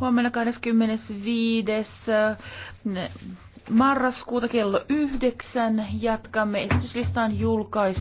huomenna 25. Eh, marraskuuta kello yhdeksän jatkamme esityslistan julkaisu.